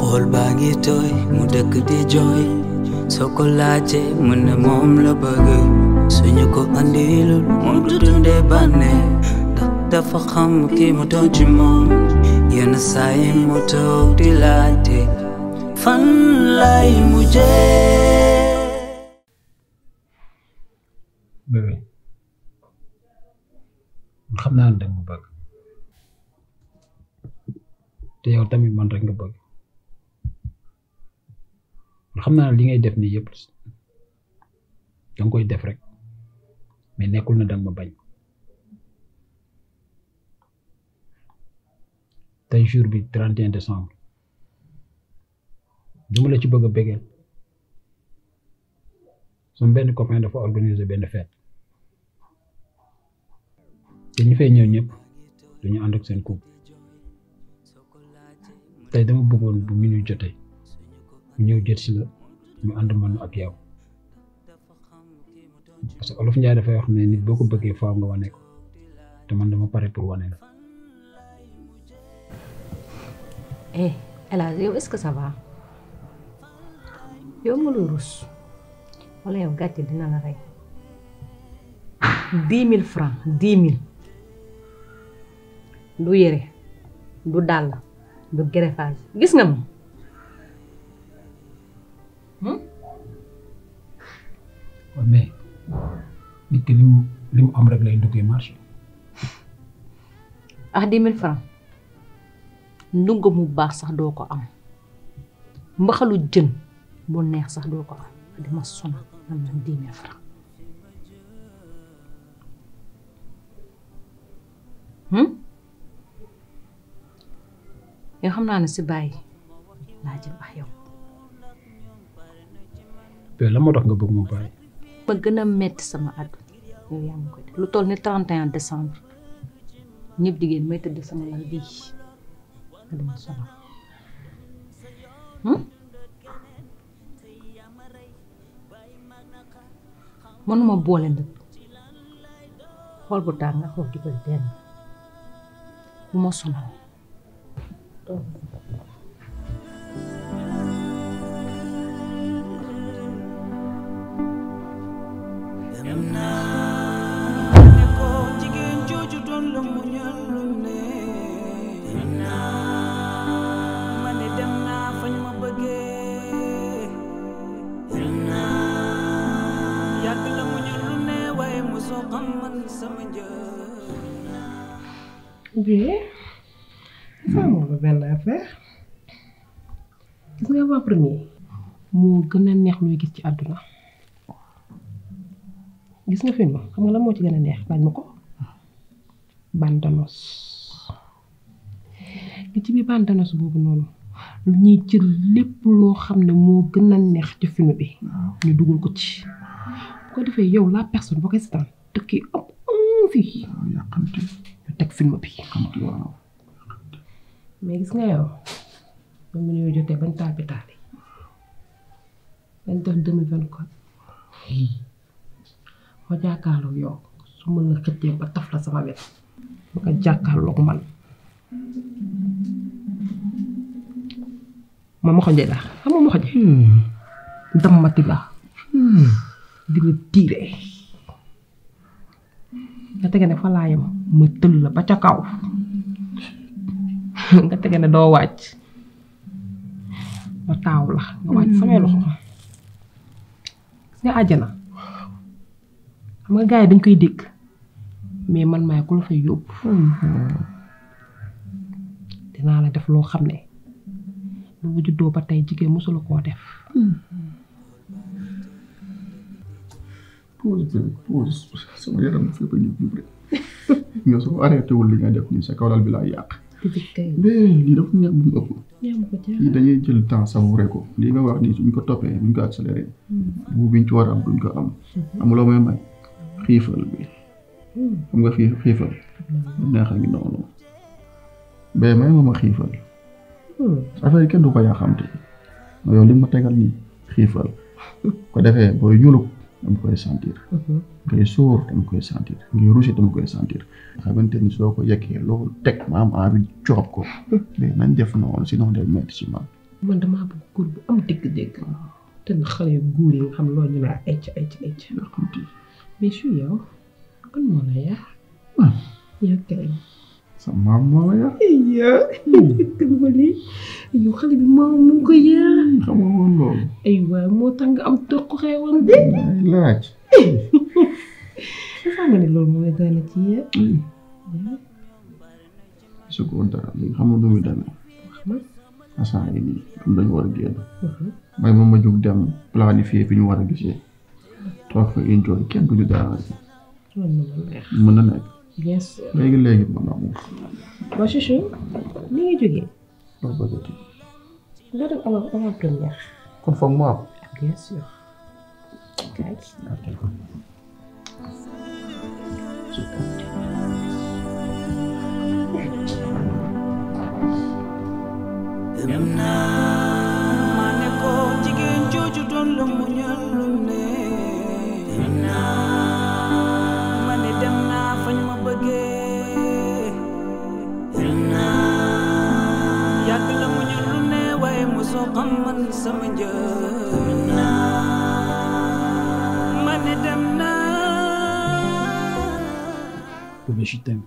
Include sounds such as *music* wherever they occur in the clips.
Kol bagi toy mudak di joy Sokolaje muna mom la bagay Sunyo ko andilul mom dudun de bane Dak da fakham ki mudo jimom Yana sai muto dilate Fan lai muje Bebe Xam naa ne danga bëgg te yow tamit man rek nga bëgg xam naa li ngay def nii yëpp da koy def rek mais nekkul na danga ma bañ tey jour bi 31 décembre duma la ci bëgg a bégeel sama benn copain dafa organiser benn fête te ñu fay ñëw ñëpp dañu ànd ak seen couple tey dama bëggoon bu mu ñu jotee ñu ñëw jët si la ñu ànd mën ak yow parce que olof Njaay dafay wax nit boo ko bëggee faaw nga wane ko te man dama pare pour wane la. eh El Hadj yow est que ça va yow nga lu rus wala yow gàcce dina la rey dix mille francs dix mille du yére du dàll du greffage gis nga moom. mais nit ki lim li am rek lay duggee marché mu baax sax ko am mbaxalu jën bu neex sax doo ko am dama sonal am na dix francs hmm? yoo ya, xam si bàyyi laa jëm yow. la tax nga bëgg ba gën metti sama àdduna yow yaa ngi koy def lu toll ni 31 décembre ñëpp jigéen may tëdd sama lal bii nga dama sonal hmm? mënuma boole ndëpp xool bu tàng xool di ko benn bu ma sonal Beh, sama ba benn affaire gis nga waa premier moo gën a neex looy gis ci àdduna gis nga film xam nga ya? lan moo ci gën a neex laaj ma ko bandanos li ci biir bandanos boobu noonu lu ñuy jël lépp loo xam ne moo gën a neex ci film bi ñu dugal ko ci ko defee yow la personne boo koy setaan dëkk fi yàqante teg film bi waaw mais gis nga yow moom mu ñëw bañ taal bi taal yi dañ def deux mille vingt su mën ba taf la sama wet nga jàkkaarloo ko man ma ma xoje laa xam ma ma dammati laa dina tiiree nga tege ne fa laa yem ma tëll la ba ca kaw nga tege ne doo wàcc ma taaw la nga wàcc samay loxo gis nga àjjana xam nga gars yi dañ koy dégg mais man maay ku la yóbbu dinaa la def loo xam ne lu juddoo ba tey jigéen mosula koo def pause pause sama yaram fépp a ngi jub rek yow soo arrêté wul li nga def nii sa kawlal bi laa yàq. mais lii dafa ñam bu ëpp. lii dañuy jël temps savouré ko lii nga wax nii suñ ko toppee buñ ko accéléré. Hmm. biñ ci war am ko am. Hmm. amuloo may may xiifal bi. Hmm. xam nga fii xiifal. neex a ngi noonu. mais may ma ma xiifal. affaire kenn du ko yaa xam te yow li ma tegal nii xiifal. *laughs* ko defee booy ñuluk dama koy sentir. Mhm. ngay sóor dama koy sentir ngay rusé dama koy sentir. nga xamante ni soo ko yekkee loolu teg ma am envie coob ko mhm. mais nañ def si sinon day metti si man. man damaa bëgg góor bu am dégg-dégg. Ah. te na xale yu yi nga xam loolu ñu naan ecc ecc ecc. mais su la yaa. Ah. yaa Sa mama ya? Iya, hmm. *laughs* kembali. Ayo kali ya? hmm, mau mo hmm, *laughs* ya, ya. Kamu mo mo. mau mo tanggap to ko kayak wang deh lah Kasama ni lolo mo mau na tiya. Isa ko udah lagi Kamu udah nih. Asahan ini. ambil dañu war a mama juga ma pelan di dem planifier fi sih tuh aku enjoy Kian punya darah sih mana nih Yes. sûr léegi léegi mon amour. bon chouchou ni nga jógee. ma bëgg a jógee. nga bien sûr. محمد سمجنا من دمنا ba ci tam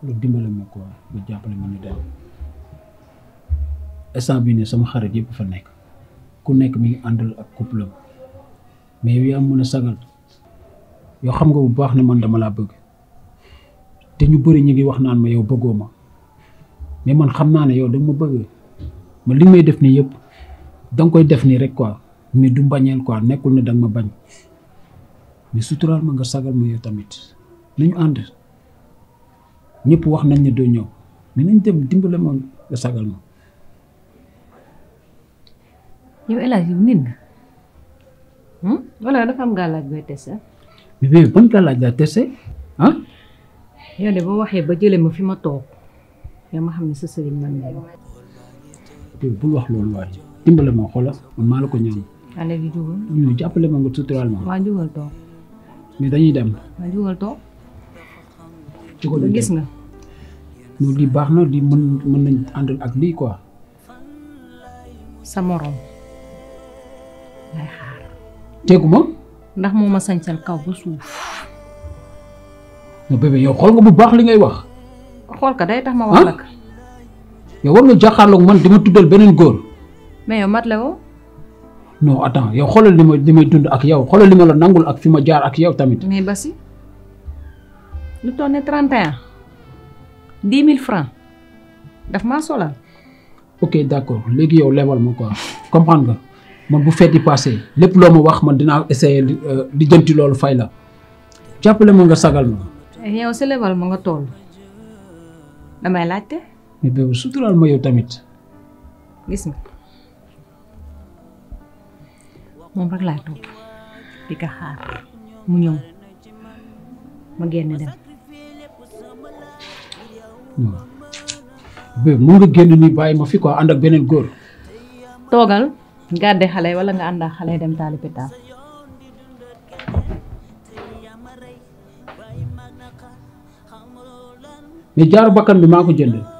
lu dimbale ma ko lu jàppale ma ñu dem instant bi ne sama xarit yëpp fa nek ku nek mi ngi andal ak couple mais wi yaa mën a sagal yo xam nga bu baax ne man dama la bëgg té ñu bëri ñi ngi wax naan ma yow ya bëggoma mais man xam naa ne yow ya, dama bëgg ma li may def ni yëpp dang koy def ni rek quoi mais du mbañeel quoi nekul ne dang ma bañ mais sutural ma nga sagal mu yow tamit nañu ànd ñëpp wax nañ ni do ñëw mais nañ dem dimbalé ma nga sagal mo yow ela yow hmm? wala dafa am gàllaaj booy tese. bi ban gàllaaj laa tese ah. yow de boo waxee ba jëlee ma fi ma yow ma te bul wax loolu waay dimbale ma xoolal man maa la ko ñaan. xale bi jugal. ñu jàppale ma nga tutural ma. waa jugal toog. mais dañuy dem. waa jugal toog. ci ko gis nga. ñu di baax na di mën mën nañ àndal ak lii quoi. sa morom. lay xaar. teeku ndax moo ma kaw ba suuf. Ya, non bébé yow xool nga bu baax li ngay wax. xool ka day tax ma wax la yow war nga jàkkaarloog man ma tuddal beneen góor. mais yow mat la no non attends yow xoolal li ma may dund ak yow xoolal li ma la nangul ak fi ma jaar ak yow tamit. mais Basi lu toll ne 31 10 000 francs daf maa solal. ok d'accord léegi yow lebal ma quoi comprendre nga man bu feet yi passé lépp loo ma wax man dinaa essayer di euh, jënti loolu fay la jàppale ma nga sagal ma. Eh, yow sa lebal ma nga toll damay laajte. mais bébé suturaal ma yow tamit. gis nga moom rek laa topp di xaar mu ñew ma genn dem. be mo nga genn ni bàyyi ma fi quoi and ak benen góor. togal gàdde xalé wala nga anda xalé dem ni bakkan bi mako ko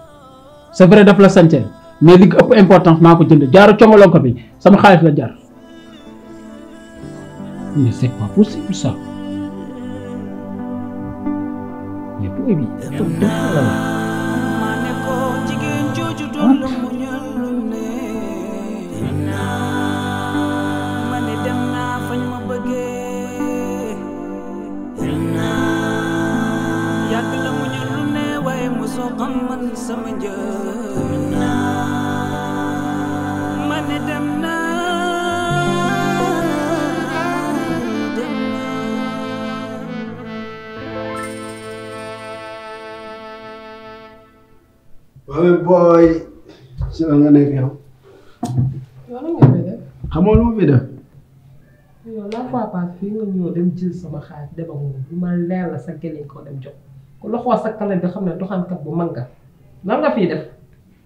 c'est vrai faire la santé. mais li je importance maa ko de Je ko bi sama mais c'est pas possible ça mais booy. si la nga nekk yow. xamoo lu mu fi def. yow la fois passée fii nga ñëw dem jël sama xaalis lu ma leer la sa gëléñ ko dem jox ku loxo sa bi bu def.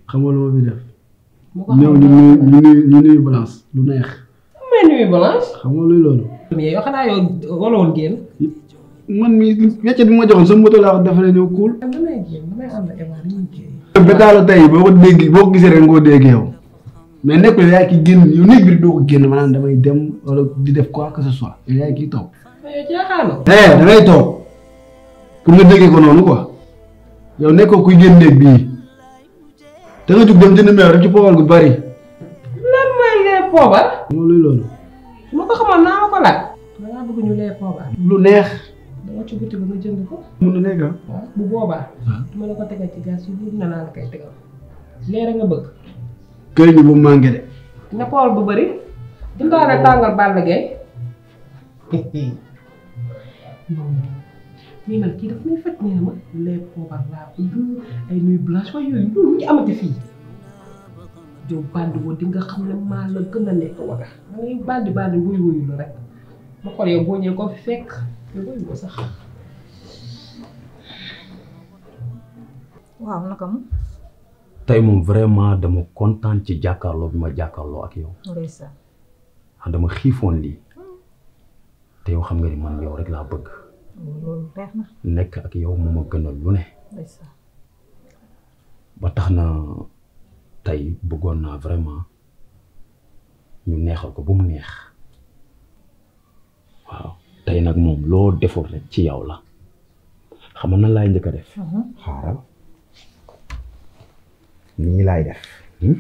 xamoo lu ma fi def. mu ko ñu nuyu ñu lu neex. mais nuyu xam nga luy loolu. mais yoo xanaa yow waloon génn. man mii wecce bi ma joxoon sa moto laa ko defaree ñëw kuul. damay génn damay am na évalué. métal tey boo ko dégg boo ko gisee rek nga ko dégg yow mais yaay ki génn yow néeg bi doo ko génn maanaam damay dem wala di def quoi que ce soit yaay kii yow eh, da ngay toog pour nga déggee ko noonu quoi yow nekkoo kuy génn néeg bii da gu bari. lan mooy lee poobal. moom luy loolu. ma ko xamoon naa ma ko laaj. lu neex. wacce boutique ba nga jënd ko mënu nekk bu boobaa dama la ko tegal ci gaz yu bëri na naa la koy tegal leera nga bëgg këriñ bu manqué de na kool bu bëri dindaale tàngal Balla Gaye mais man kii daf may faj nee ma les poobar laa bëgg ay nuy blanche waaye yooyu loolu ñu amati fii yow bandi woo di nga la nekk waga ngay bandi bandi wuy rek ma yow ko fi fekk yóbbuñu ko tey moom vraiment dama kontaan ci jàkkaarloo bi ma jàkkarloo ak yow. ndeysaan. Ah, dama xiifoon lii. te yow xam nga ni man yow rek laa bëgg. nekk ak yow moom a gënal lu ne. ba tax na tey bëggoon naa vraiment ñu neexal ko bu mu neex waaw. tey nag moom loo defoon rek ci yow la xam nan laay njëkk a def. Mhm. xaaral nii laay def. Hmm?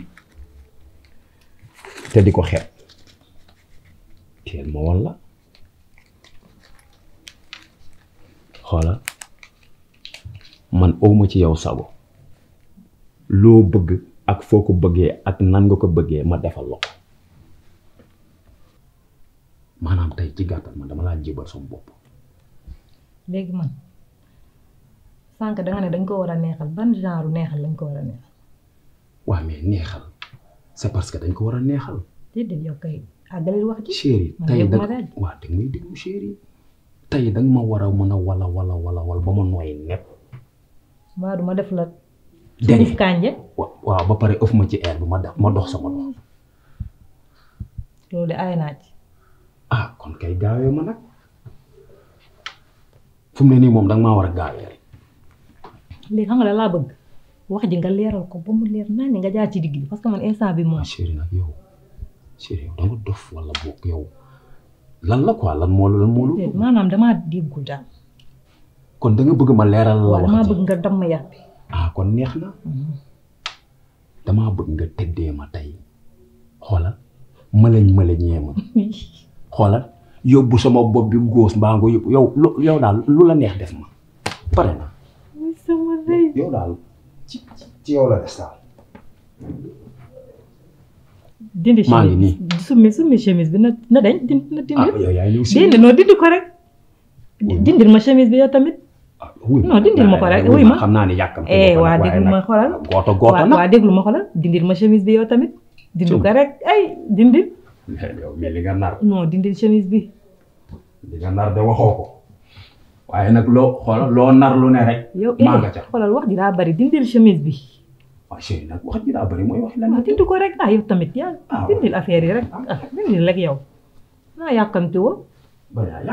te di ko xeet teel ma walla xoola man awma ci yow sago loo bëgg ak foo ko bëggee ak nan nga ko bëggee ma defal la tigata man dama laa jébal sama bopp léegi man sànq da nga ne dañ ko war a neexal ban genre neexal lañ ko war a neexal waaw mais neexal c'est parce que dañ ko war a neexal déedéet yow kay àggalil wax ci. chéri tey da waa da ngay déglu chéri tey da nga ma war a mën a wala wala wala wala ba ma nooy nepp waa du ma def la dañu kànje waaw ba pare ëf ma ci air bi ma def ma dox sama dox loolu de aay naa ci ah kon kay gaawee ma nag fu mu ne nii moom danga maa war a gaawee rek. léegi xam nga laa bëgg wax ji nga leeral ko ba mu leer naa ne nga jaar ci digg bi parce que man instant bi moom. Ah, chéri nag yow danga dof wala boog yow lan la quoi lan moo la lan moo la. maanaam damaa déggul daal. kon danga bëgg ma leeral la wax. damaa bëgg nga damm yàpp bi. ah kon neex na. Mm-hmm. damaa bëgg nga tëddee ma tey xoolal mëleñ mëleñee ma. *laughs* xoolal yóbbu sama bopp bi góos mbaa nga yóbbu yow lu la neex def ma pare na. yow daal ci la des daal. dindi chemise maa ngi nii. summi summi chemise bi na na dindi. ah yow dindi noo ma chemise bi yow tamit. Ah, non dindil ma ko rek ma xam ne yàkkam. Eh, waa déglu ma xoolal. gooto gooto ma xoolal bi yow tamit. dindu ko rek ay dindil. yow mais li nga nar. non dindi chemise bi. li nga nar de waxoo waaye nag loo xoolal loo nar lu ne rek. maa eh, xoolal wax ji daa bari dindil chemise bi. waaw chérie mooy wax lan. Ah, ko rek ah tamit yaa ah, dindil affaire ah, yow. naa yàkkamti woo. ba yaa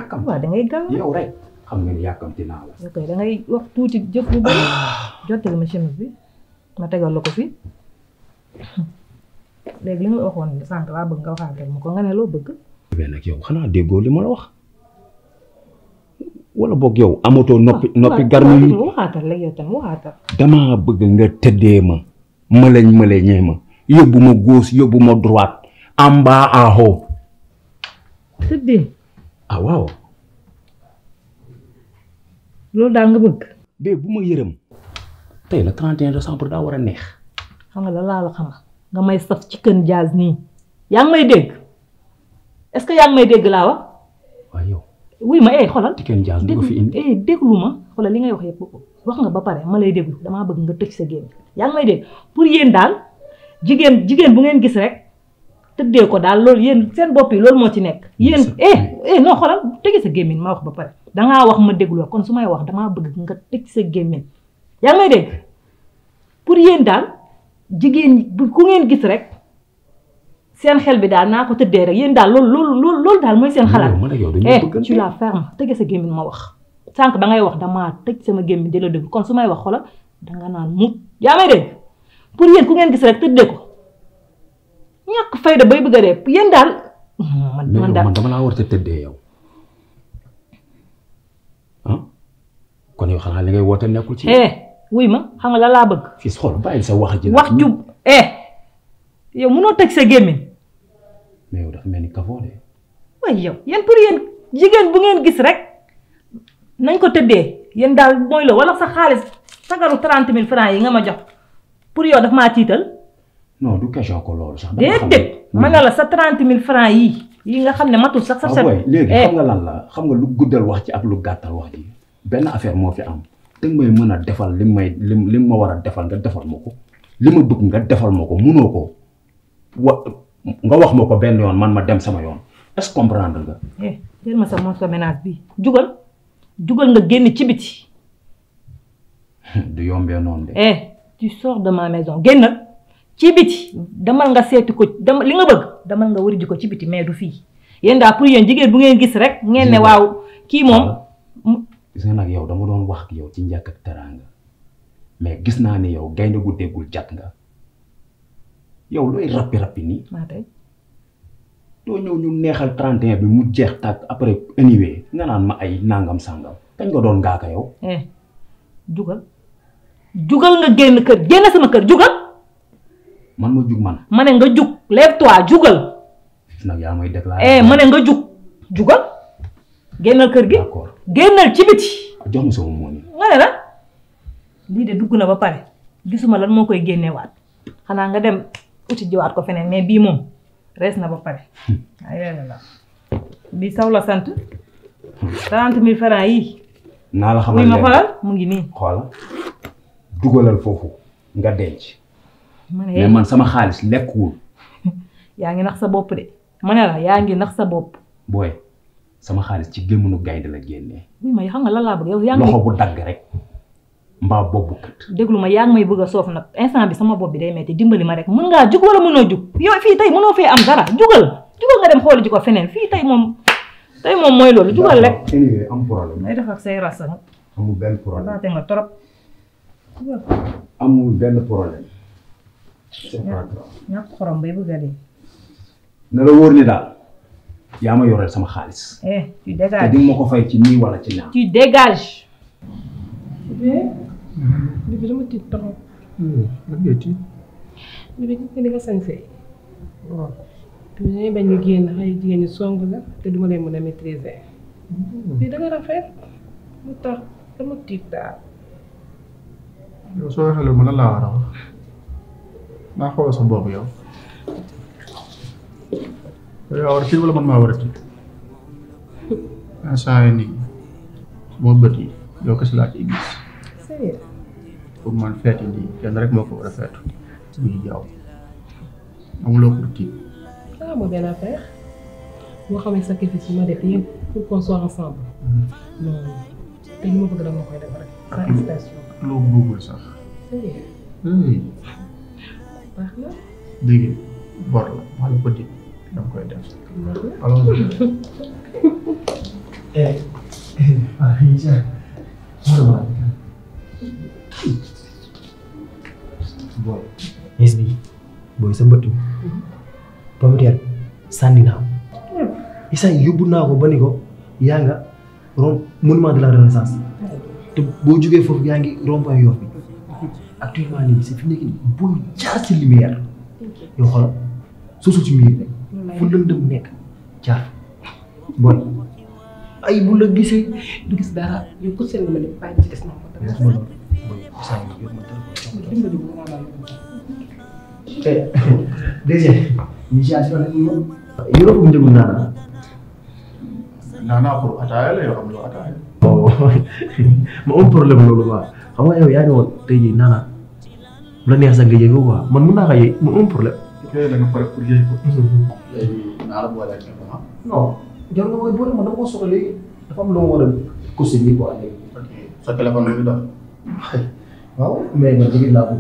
yàkkamti waaw tuuti jëf ma bi ma tegal la ko fi. *laughs* léegi li nga ma li ma la wax wala boog yow amatoo noppi ah, noppi garmi yi waxaatal la yow tam waxaatal. damaa bëgg nga tëddee ma mëleñ mëleñee ma yóbbu ma gauche yóbbu ma droite en bas en ah, loolu daal nga bëgg. bee bu ma yërëm. tey la 31 décembre daa war a neex. xam nga la laa la nga may saf ci kën jaas nii yaa ngi may dégg est-ce que yaa ngi may dégg laa wax. waaw yow. wuy ma eh xoolal. ci fi indi eh, déglu ma xoolal li ngay wax yëpp wax nga ba pare ma lay déglu damaa bëgg nga tëj sa génn yaa ngi may dégg pour yéen daal jigéen jigéen bu ngeen gis rek tëddee ko daal loolu yéen seen bopp yi loolu moo ci nekk. yéen eh eh non gémmiñ ma wax ba pare dangaa wax ma déglu kon su may wax damaa bëgg nga tëj sa gémmiñ yaa daal. jigéen ñi bu ku ngeen gis rek seen xel bi daal naa ko tëddee rek yéen daal loolu loolu loolu loolu daal mooy seen xalaat eh tu la ferme tëgge sa gémmiñ ma wax sànq ba ngay wax dama tëj sama gémmiñ di la dégg kon su may wax da nga naan mu yaa may dégg pour yéen ku ngeen gis rek tëddee ko ñàkk fayda bay bëgg a dee yéen daal man man daal dama laa war a tëddee yow ah? kon yow xanaa li ngay woote nekkul ci eh wuy ma xam nga la laa bëgg. fii xool bàyyi sa wax ji. wax ju eh yow munoo tëj sa gémmiñ. mais yow dafa mel ni kafoo de. waaye yow yéen pour yéen jigéen bu ngeen gis rek nañ ko tëddee yéen daal mooy la wala sa xaalis sagaru trente mille francs yi nga ma jox pour yow daf maa tiital. non du question ko loolu sax. déedéet ma la sa trente mille francs yi yi nga xam ne matul sax. sa set ah léegi eh. xam nga lan la xam nga lu guddal wax ci ak lu gàttal wax ji benn affaire moo fi am. danga may mën a defal li may li li ma war a defal nga defal ma ko li ma bëgg nga defal ma ko munoo ko wa nga wax ma ko benn yoon man ma dem sama yoon est-ce comprendre eh, ma sa moom sa bi jugal jugal nga génn ci biti. *laughs* du yombee noonu de. eh tu sors de ma maison génn ci damal nga seeti ko dama li nga bëgg damal nga wari ji ko ci biti mais du fii yéen daal pour yéen jigéen bu ngeen gis rek ngeen ne waaw kii moom. gis nga nak yow dama doon wax yow ci ñak ak teranga mais gis na ni yow gaynde gu degul jatt nga yow loy rapi rapi ni ma tay do ñew ñu neexal 31 bi mu jeex tak après anyway nga naan ma ay nangam sangam kañ nga doon gaaka yow eh jugal jugal nga genn kër genn sama kër jugal man mo jug man mané nga jug lève toi jugal nak yaa may déclarer eh mané yang nga jug jugal gennal keur gi gennal ci biti. jox ma sama moom ngay la li de duguna ba pare gisuma lan mo koy wat xana nga dem uti wat ko fenen mais bi mom res na ba pare. Hmm. ay la bi saw la sante 30000 francs yi. na la xamal ma xoolal mu ngi ni xoolal dugolal fofu nga denc. mais man eh. sama xaliss lekul *laughs* yaangi ngi nax sa bop de ma ne la yaa nax sa bop boy sama xaalis ci gémmunu gaynde la genné oui may xam nga lan laa bëgg yow. yaangi loxo bu dag rek mba bobu kat. déglu ma yaa may bëgg soof nak instant bi sama bob bi day metti dimbali ma rek mën nga jug wala mëno jug yow fi tay mëno fi am dara jugal jugal nga dem xooli ji ko feneen fii tey moom tey moom mooy loolu jugal rek. anyway am problème. day def ak say rasa nag. amul benn problème laate nga torop amu ben problème. c'est pas grave. ñak xorom bay bëgg a na la wor ni dal yaa ma yoreel sama xaalis. eh tu dégages te di ma ko fay ci nii wala ci naa. tu dégages. Eh, bébé dama tiit taxaw. Hmm, lan ngay tiit. bébé gis nga li nga sañsee. waaw. bébé dañuy bañ ñu génn xale jigéen ñi song la te duma leen mën a maîtriser. Hmm. bii da nga rafet mu tax dama tiit daal. yow soo waxee loolu mën na laa war a wax naa xoolal sa bopp yow. ఎవరికి మనం ఎవరికి sayang mau beri lokasi ini yang mau kepada fat beliau kamu lo kurti ah mon belle affaire moi comme ça que tu m'as défié pour qu'on soit ensemble non te ñu ma bëgg dama koy def rek sa expression lo bëggul sax hey baax na dégg bor la ma ko da koy def alors booy bi booy sa mbëtt pomiteer sànni naa yóbbu naa ko ba yaa nga romb monument de la renaissance te boo jógee foofu yaa ngi rond-point Yoff actuellement nii c'est fi nekk nii jaar ci lumière yoo xoolal miir fu lëndëm nekk jaar bon ay bu la gisee du gis dara yow ko seen ma ne bàyyi ci des na ko bon bon ma dimbali bu ma eh deh ci asio nak mo yoro bu nana nana pour ataaya la yoo xam lu ataaya oh ma am problème loolu quoi xam nga yow yaa woon tey jii nana la neex sa nga yëgoo quoi man mun naa ko ma problème yooyu da nga pare pour yëy naa la boole ak ñoom ah. non jarul nga koy boole ma ko soxla léegi dafa am lu ma war a léegi. ok sa téléphone la ñu dox. man jigéen laa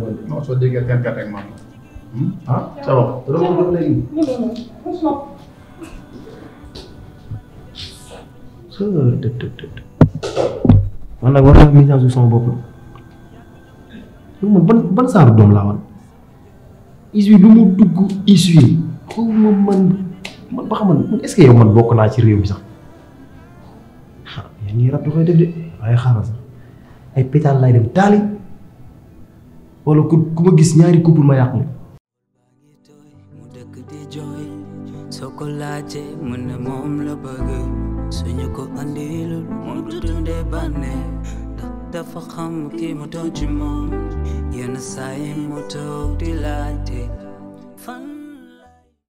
nag war naa sama bopp man ban ban saaru doom laa wan. is wi lu mu dugg is wi xaw ma man man ba xam man est ce que yow man bokk naa ci réew mi sax ya ni ñii rab da koy def de ay xaaral sax ay pétale lay dem taali wala ku ku ma gis ñaari couple ma yàq ma. soo ko laajee mu ne moom la bëgg suñu ko andilul moom du dundee da fa xam ki mu doon ci moom yenn saa